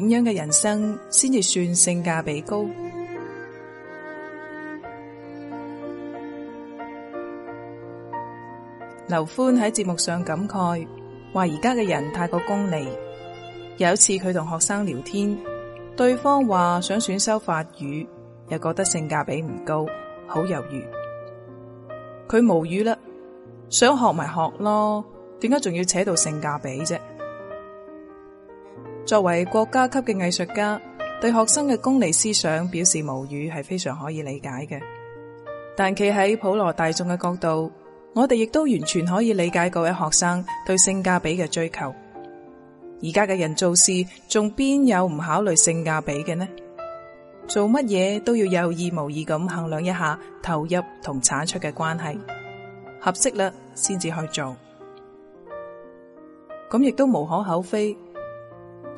點樣嘅人生先至算性價比高？劉歡喺節目上感慨，話而家嘅人太過功利。有一次佢同學生聊天，對方話想選修法語，又覺得性價比唔高，好猶豫。佢無語啦，想學咪學咯，點解仲要扯到性價比啫？作為國家級嘅藝術家，對學生嘅功利思想表示無語係非常可以理解嘅。但企喺普羅大眾嘅角度，我哋亦都完全可以理解各位學生對性價比嘅追求。而家嘅人做事仲邊有唔考慮性價比嘅呢？做乜嘢都要有意無意咁衡量一下投入同產出嘅關係，合適嘞先至去做，咁亦都無可厚非。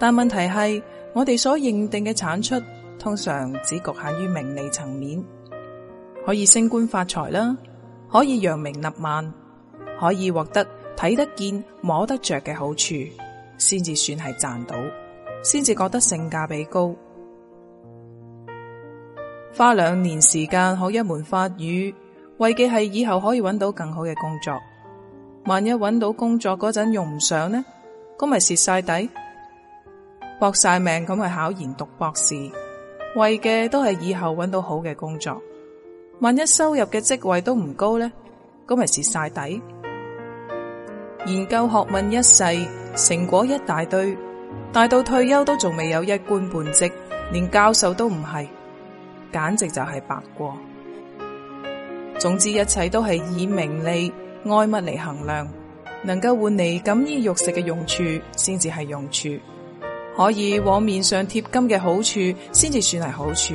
但問題係，我哋所認定嘅產出，通常只局限於名利層面，可以升官發財啦，可以揚名立萬，可以獲得睇得見、摸得着嘅好處，先至算係賺到，先至覺得性價比高。花兩年時間學一門法語，為嘅係以後可以搵到更好嘅工作。萬一搵到工作嗰陣用唔上呢，咁咪蝕晒底。搏晒命咁去考研讀博士，為嘅都係以後揾到好嘅工作。萬一收入嘅職位都唔高呢，咁咪蝕晒底。研究學問一世，成果一大堆，大到退休都仲未有一官半職，連教授都唔係，簡直就係白過。總之，一切都係以名利愛物嚟衡量，能夠換嚟錦衣玉食嘅用處，先至係用處。可以往面上貼金嘅好處，先至算係好處。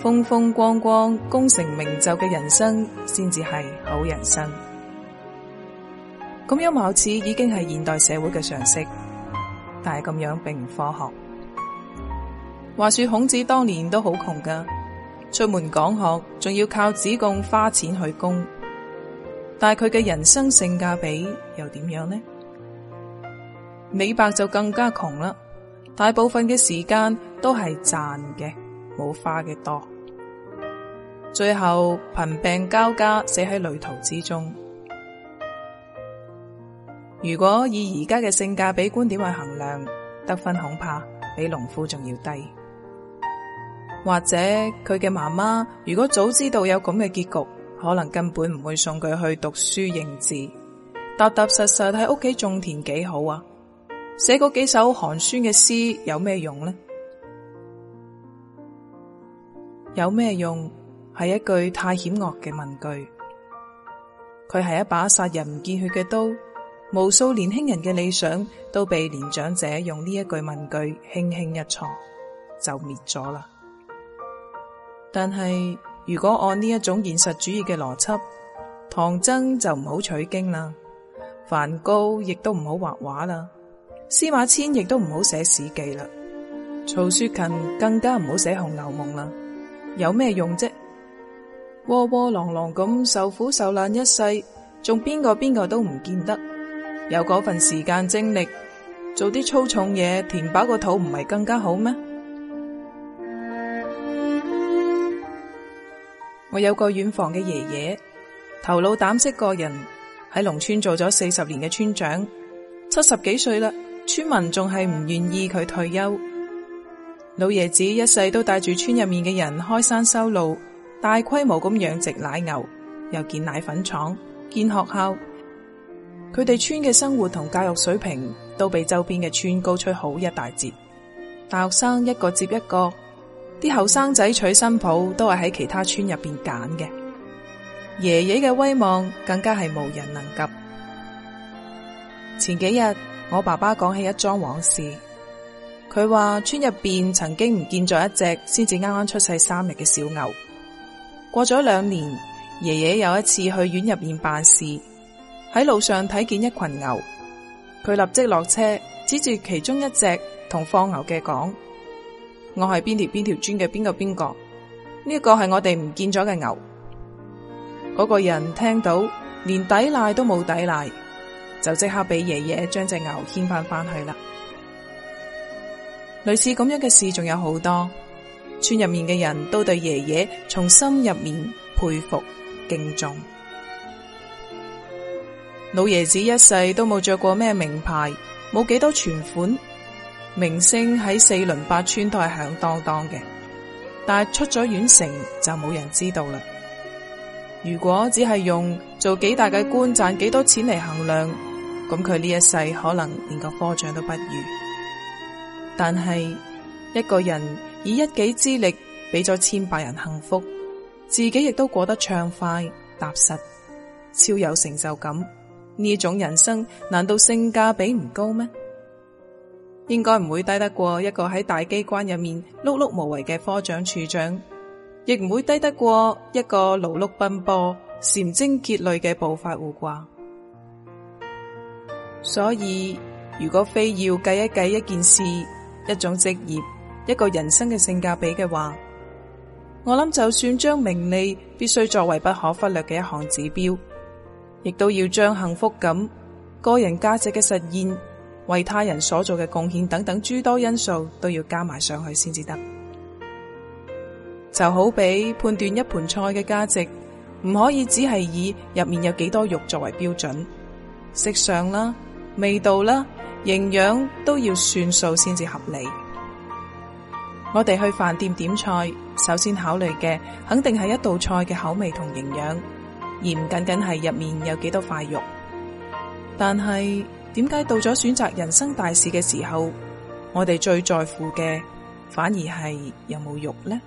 風風光光、功成名就嘅人生，先至係好人生。咁樣貌似已經係現代社會嘅常識，但係咁樣並唔科學。話說孔子當年都好窮噶，出門講學仲要靠子貢花錢去供，但係佢嘅人生性價比又點樣呢？李白就更加窮啦。大部分嘅時間都係賺嘅，冇花嘅多。最後貧病交加，死喺旅途之中。如果以而家嘅性價比觀點去衡量，得分恐怕比農夫仲要低。或者佢嘅媽媽，如果早知道有咁嘅結局，可能根本唔會送佢去讀書認字，踏踏實實喺屋企種田幾好啊！寫過幾首寒酸嘅詩有咩用呢？有咩用係一句太險惡嘅問句。佢係一把殺人唔見血嘅刀，無數年輕人嘅理想都被年長者用呢一句問句輕輕一戳就滅咗啦。但係如果按呢一種現實主義嘅邏輯，唐僧就唔好取經啦，梵高亦都唔好畫畫啦。司馬遷亦都唔好寫史記啦，曹雪芹更加唔好寫紅樓夢啦，有咩用啫？窩窩囊囊咁受苦受難一世，仲邊個邊個都唔見得有嗰份時間精力做啲粗重嘢填飽個肚，唔係更加好咩？我有個遠房嘅爺爺，頭腦膽識過人喺農村做咗四十年嘅村長，七十幾歲啦。村民仲係唔願意佢退休，老爺子一世都帶住村入面嘅人開山修路，大規模咁養殖奶牛，又建奶粉廠、建學校，佢哋村嘅生活同教育水平都比周邊嘅村高出好一大截。大學生一個接一個，啲後生仔娶新抱都係喺其他村入邊揀嘅，爺爺嘅威望更加係無人能及。前幾日，我爸爸講起一樁往事。佢話村入邊曾經唔見咗一隻先至啱啱出世三日嘅小牛。過咗兩年，爺爺有一次去院入面辦事，喺路上睇見一群牛，佢立即落車，指住其中一隻同放牛嘅講：我係邊條邊條村嘅邊個邊個，呢個係、這個、我哋唔見咗嘅牛。嗰、那個人聽到，連抵賴都冇抵賴。就即刻俾爺爺將隻牛牽翻翻去啦。類似咁樣嘅事仲有好多，村入面嘅人都對爺爺從心入面佩服敬重。老爺子一世都冇着過咩名牌，冇幾多存款，名聲喺四鄰八村都係響噹噹嘅，但係出咗縣城就冇人知道啦。如果只係用做幾大嘅官賺幾多錢嚟衡量。咁佢呢一世可能連個科長都不如，但係一個人以一己之力俾咗千百人幸福，自己亦都過得暢快踏實，超有成就感，呢種人生難道性價比唔高咩？應該唔會低得過一個喺大機關入面碌碌無為嘅科長處長，亦唔會低得過一個勞碌奔波、殫精竭慮嘅暴發戶啩。所以，如果非要計一計一件事、一種職業、一個人生嘅性價比嘅話，我諗就算將名利必須作為不可忽略嘅一項指標，亦都要將幸福感、個人價值嘅實現、為他人所做嘅貢獻等等諸多因素都要加埋上去先至得。就好比判斷一盤菜嘅價值，唔可以只係以入面有幾多肉作為標準，食上啦。味道啦，營養都要算數先至合理。我哋去飯店點菜，首先考慮嘅肯定係一道菜嘅口味同營養，而唔僅僅係入面有幾多塊肉。但係點解到咗選擇人生大事嘅時候，我哋最在乎嘅反而係有冇肉呢？